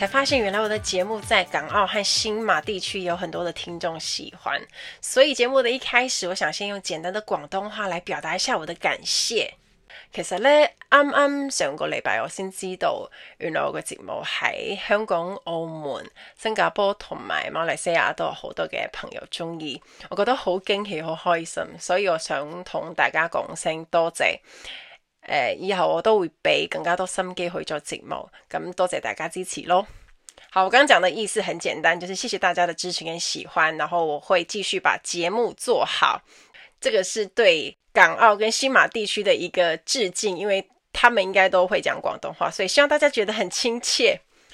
才發現原來我的節目在港澳和新馬地區有很多的聽眾喜歡，所以節目的一開始，我想先用簡單的廣東話來表達一下我的感謝。其實呢，啱啱上個禮拜我先知道，原來我嘅節目喺香港、澳門、新加坡同埋馬來西亞都有好多嘅朋友中意，我覺得好驚喜、好開心，所以我想同大家講聲多謝。誒，以後我都會俾更加多心機會做節目，咁多謝大家支持咯。好，我剛剛講的意思很簡單，就是謝謝大家的支持跟喜歡，然後我會繼續把節目做好，這個是對港澳跟新馬地區的一個致敬，因為他們應該都會講廣東話，所以希望大家覺得很親切。